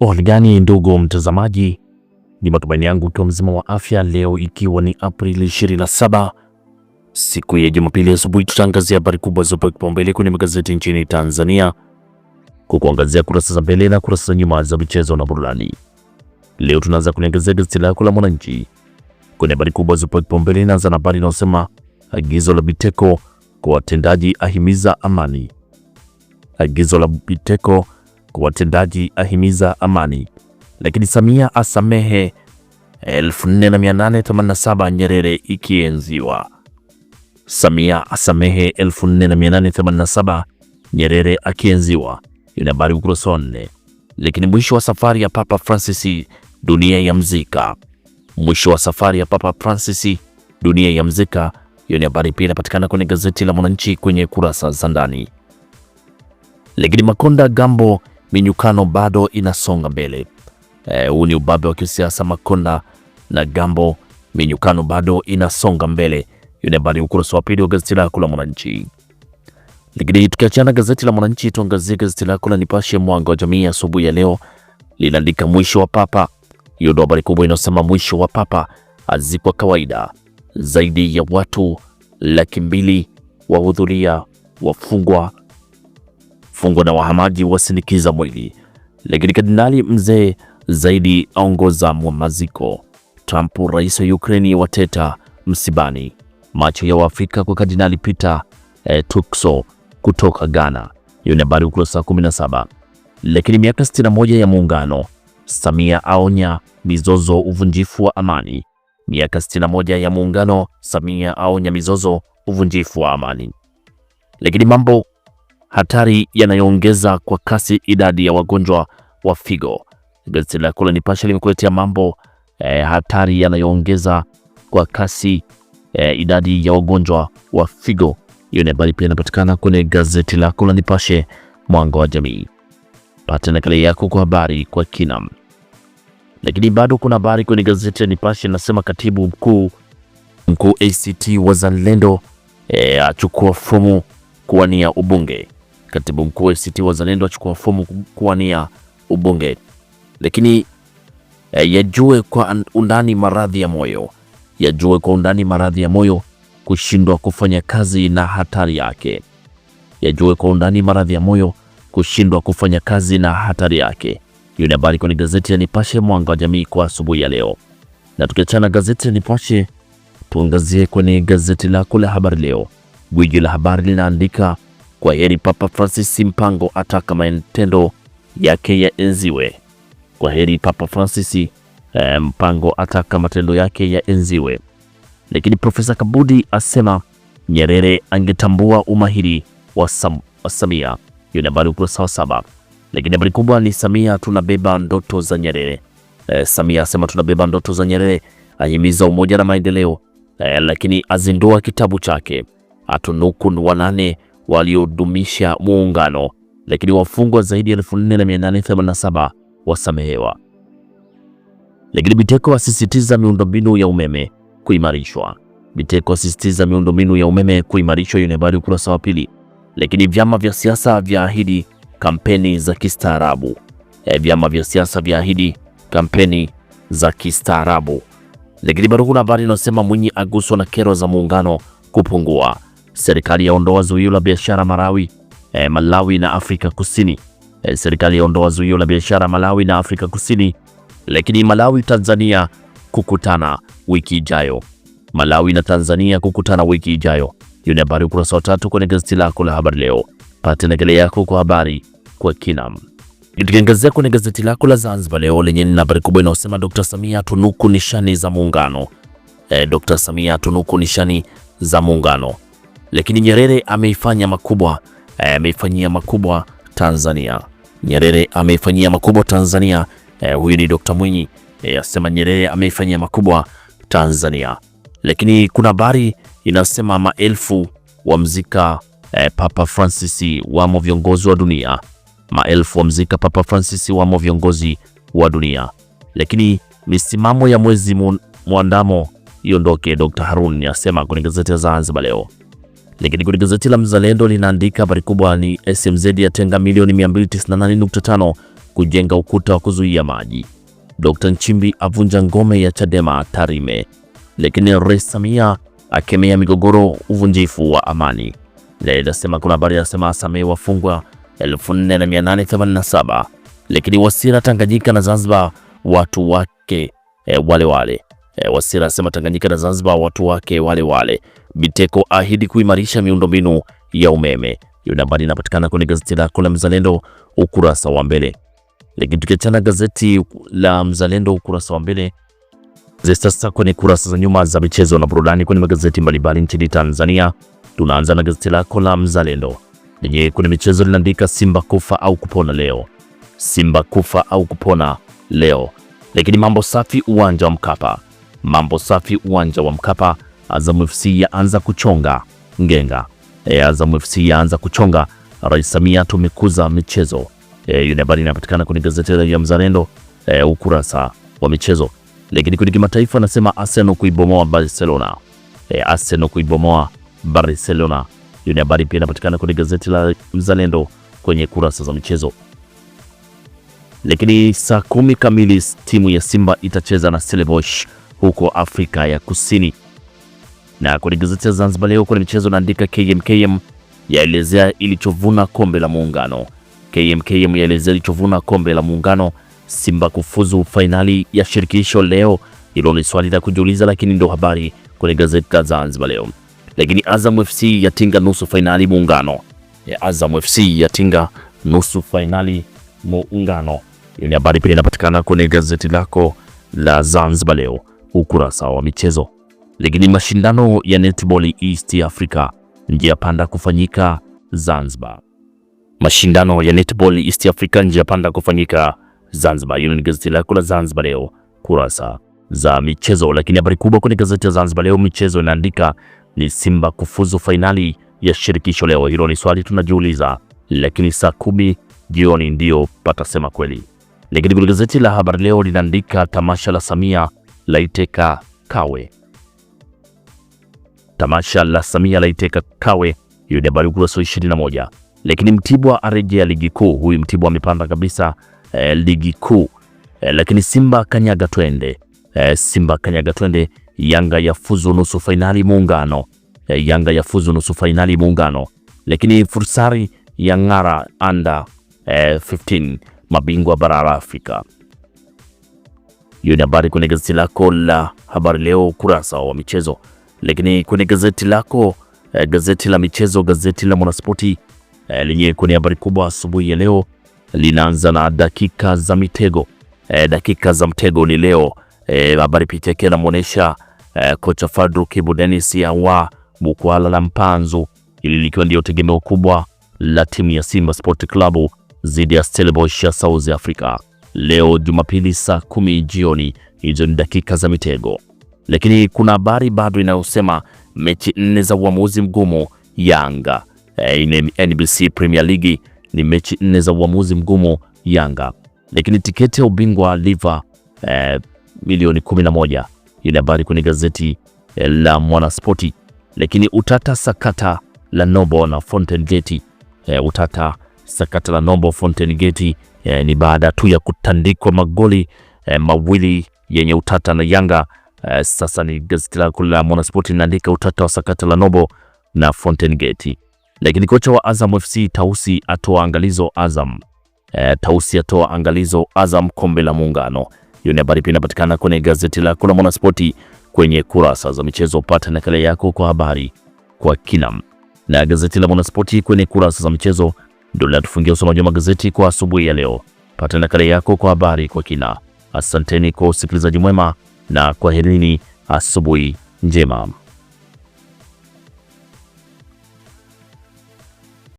Uhaligani ndugu mtazamaji, ni matumaini yangu ukiwa mzima wa afya leo, ikiwa ni Aprili 27 siku ya Jumapili asubuhi, tutaangazia habari kubwa zopewa kipaumbele kwenye magazeti nchini Tanzania, kwa kuangazia kurasa za mbele na kurasa za nyuma za michezo na burudani. Leo tunaanza kuliangazia gazeti lako la Mwananchi kwenye habari kubwa zopewa kipaumbele. Inaanza na habari inayosema agizo la Biteko kwa watendaji ahimiza amani. Agizo la Biteko watendaji ahimiza amani. Lakini Samia asamehe 1487 Nyerere ikienziwa. Samia asamehe 1487 Nyerere akienziwa. ni habari ukurasa wa nne. Lakini mwisho wa safari ya Papa Francis, dunia ya mzika. Mwisho wa safari ya Papa Francis, dunia ya mzika. Hiyo ni habari pia inapatikana kwenye gazeti la Mwananchi kwenye kurasa za ndani. Lakini Makonda Gambo minyukano bado inasonga mbele. Eh, huu e, ni ubabe wa kisiasa Makonda na Gambo, minyukano bado inasonga mbele. Hiyo ni habari ukurasa wa pili wa gazeti lako la Mwananchi. Lakini tukiachana gazeti la Mwananchi, tuangazie gazeti lako la Nipashe mwanga wa jamii asubuhi ya leo, linaandika mwisho wa papa. Hiyo habari kubwa inayosema mwisho wa papa azikwa kawaida. Zaidi ya watu laki mbili wahudhuria wafungwa fungo na wahamaji wasinikiza mwili, lakini kardinali mzee zaidi aongoza maziko. Trump, rais wa Ukraini, wateta msibani. Macho ya Waafrika kwa Kardinali Peter eh, Tukso kutoka Ghana. Hiyo ni habari ukurasa 17. Lakini miaka 61 ya muungano, Samia aonya mizozo uvunjifu wa amani. Miaka 61 ya muungano, Samia aonya mizozo uvunjifu wa amani. Lakini mambo hatari yanayoongeza kwa kasi idadi ya wagonjwa wa figo. Gazeti la kula Nipashe limekuletea mambo eh, hatari yanayoongeza kwa kasi eh, idadi ya wagonjwa wa figo. Hiyo ni habari pia inapatikana kwenye gazeti la kula Nipashe mwanga wa jamii. Pata nakala yako kwa habari kwa kinam. Lakini bado kuna habari kwenye gazeti la Nipashe nasema katibu mkuu mkuu ACT Wazalendo e, achukua fomu kuwania ubunge. Katibu mkuu ACT Wazalendo achukua fomu kuwania ubunge. Lakini eh, yajue kwa undani maradhi ya moyo, yajue kwa undani maradhi ya moyo, kushindwa kufanya kazi na hatari yake. Yajue kwa undani maradhi ya moyo, kushindwa kufanya kazi na hatari yake. Hiyo ni habari kwenye gazeti ya Nipashe mwanga wa jamii kwa asubuhi ya leo. Na tukiachana gazeti ya Nipashe, tuangazie kwenye gazeti lako la habari leo. Gwiji la habari linaandika kwa heri Papa Francis. Mpango ataka matendo yake yaenziwe. Kwa heri Papa Francis. Eh, Mpango ataka matendo yake yaenziwe. Lakini Profesa Kabudi asema Nyerere angetambua umahiri wa, Sam, wa Samia. Hiyo ni habari ukurasa wa saba. Lakini habari kubwa ni Samia tunabeba ndoto za Nyerere. Eh, Samia asema tunabeba ndoto za Nyerere, ahimiza umoja na maendeleo. Eh, lakini azindua kitabu chake, atunuku wanane waliodumisha muungano, lakini wafungwa zaidi ya 4887 wasamehewa. Lakini Biteko asisitiza miundombinu ya umeme kuimarishwa. Biteko asisitiza miundombinu ya umeme kuimarishwa. Hiyo ni habari ukurasa wa pili. Lakini vyama vya siasa vyaahidi kampeni za kistaarabu. E, vyama vya siasa vyaahidi kampeni za kistaarabu. Lakini bado kuna habari inayosema Mwinyi aguswa na kero za muungano kupungua. Serikali yaondoa zuio la biashara Malawi, e, Malawi na Afrika Kusini. E, serikali yaondoa zuio la biashara Malawi na Afrika Kusini. Lakini Malawi Tanzania kukutana wiki ijayo. Malawi na Tanzania kukutana wiki ijayo. Hiyo ni habari ukurasa wa tatu kwenye gazeti lako la habari leo. Pata nakala yako kwa habari kwa kina. Tukiangazia kwenye gazeti lako la Zanzibar leo lenye ni habari kubwa inayosema Dr. Samia tunuku nishani za muungano. E, eh, Dr. Samia tunuku nishani za muungano lakini Nyerere ameifanya makubwa, eh, ameifanyia makubwa Tanzania. Nyerere ameifanyia makubwa Tanzania. Eh, huyu ni Dr. Mwinyi eh, asema Nyerere ameifanyia makubwa Tanzania, lakini kuna habari inasema maelfu wamzika eh, Papa Francis, wamo viongozi wa dunia. Maelfu wamzika Papa Francis, wamo viongozi wa dunia. Lakini misimamo ya mwezi muandamo iondoke, Dr. Harun asema kwenye gazeti ya Zanzibar leo. Lakini kwenye gazeti la Mzalendo linaandika habari kubwa ni SMZ yatenga milioni 298.5 kujenga ukuta wa kuzuia maji. Dkt Nchimbi avunja ngome ya Chadema Tarime. Lakini Rais Samia akemea migogoro, uvunjifu wa amani. Nasema kuna habari inasema Samia wafungwa 4887 lakini Wasira Tanganyika na Zanzibar watu wake e, wale wale Eh, Wasira asema Tanganyika na Zanzibar watu wake wale wale. Biteko ahidi kuimarisha miundombinu ya umeme. Hiyo habari inapatikana kwenye gazeti lako la Mzalendo ukurasa wa mbele. Lakini tukiachana gazeti la Mzalendo ukurasa wa mbele sasa kwenye kurasa za nyuma za michezo na burudani kwenye magazeti mbalimbali nchini Tanzania, tunaanza na gazeti lako la Mzalendo lenye kwenye michezo linaandika Simba kufa au kupona leo, Simba kufa au kupona leo. Lakini mambo safi uwanja wa Mkapa, Mambo safi uwanja wa Mkapa. Azam FC yaanza kuchonga Ngenga. E, Azam FC yaanza kuchonga Rais Samia, tumekuza michezo. Eh, e, hiyo habari inapatikana kwenye gazeti la Mzalendo e, eh, ukurasa wa michezo. Lakini kwenye kimataifa anasema Arsenal kuibomoa Barcelona. E, Arsenal kuibomoa Barcelona. Hiyo ni habari pia inapatikana kwenye gazeti la Mzalendo kwenye kurasa za michezo. Lakini saa kumi kamili timu ya Simba itacheza na Stellenbosch huko Afrika ya Kusini. Na kwenye gazeti ya Zanzibar Leo kwenye michezo naandika KMKM yaelezea ilichovuna kombe la muungano. KMKM yaelezea ilichovuna kombe la muungano. Simba kufuzu fainali ya shirikisho leo, hilo ni swali la kujiuliza, lakini ndio habari kwenye gazeti la Zanzibar Leo. Lakini Azam FC yatinga nusu fainali muungano. Ya e, Azam FC yatinga nusu fainali muungano. Hiyo ni habari pia inapatikana kwenye gazeti lako la Zanzibar Leo ukurasa wa michezo. Lakini mashindano ya netball East Africa njia panda kufanyika Zanzibar. Mashindano ya netball East Africa njia panda kufanyika Zanzibar. Hilo ni gazeti lako la Zanzibar leo kurasa za michezo. Lakini habari kubwa kwenye gazeti la Zanzibar leo michezo inaandika ni Simba kufuzu fainali ya shirikisho leo. Hilo ni swali tunajiuliza, lakini saa kumi jioni ndio patasema kweli. Lakini kwenye gazeti la habari leo linaandika tamasha la Samia Laiteka Kawe. Tamasha la Samia Laiteka Kawe, hiyo ni habari ukurasa 21. Lakini Mtibwa arejea ligi kuu. Huyu Mtibwa amepanda kabisa eh, ligi kuu eh, lakini Simba kanyaga twende eh, Simba kanyaga twende. Yanga yafuzu nusu fainali muungano eh, Yanga yafuzu nusu fainali muungano. Lakini Fursari ya ng'ara anda eh, 15 mabingwa bara la Afrika. Hiyo ni habari kwenye gazeti lako la habari leo ukurasa wa michezo. Lakini kwenye gazeti lako eh, gazeti la michezo, gazeti la Mwanaspoti eh, lenye kwenye habari kubwa asubuhi ya leo linaanza na dakika za mitego eh, dakika za mtego ni leo eh, habari eh, picha yake inamuonesha eh, kocha Fadru Kibu Dennis awa Mukwala la Mpanzu, ili likiwa ndio tegemeo kubwa la timu ya Simba Sport Club dhidi ya Stellenbosch ya South Africa leo Jumapili saa kumi jioni. Hizo ni dakika za mitego, lakini kuna habari bado inayosema mechi nne za uamuzi mgumu Yanga. Eh, NBC Premier League ni mechi nne za uamuzi mgumu Yanga, lakini tiketi ya ubingwa liva eh, milioni 11 ile habari kwenye gazeti eh, la Mwanaspoti, lakini utata sakata la Nobo na Fountain Gate eh, utata sakata la Nobo Fountain Gate e, ni baada tu ya kutandikwa magoli e, mawili yenye utata na Yanga. E, sasa ni gazeti lako la Mwanaspoti linaandika utata wa sakata la Nobo na Fountain Gate, lakini kocha wa Azam FC Tausi atoa angalizo Azam. E, Tausi atoa angalizo Azam kombe la Muungano. Hiyo ni habari pia inapatikana kwenye gazeti lako la Mwanaspoti kwenye kurasa za michezo. Pata nakala yako kwa habari kwa kina na gazeti la Mwanaspoti kwenye kurasa za michezo. Dole atufungia usomaji wa magazeti kwa asubuhi ya leo. Pata nakala yako kwa habari kwa kina. Asanteni kwa usikilizaji mwema na kwaherini, asubuhi njema.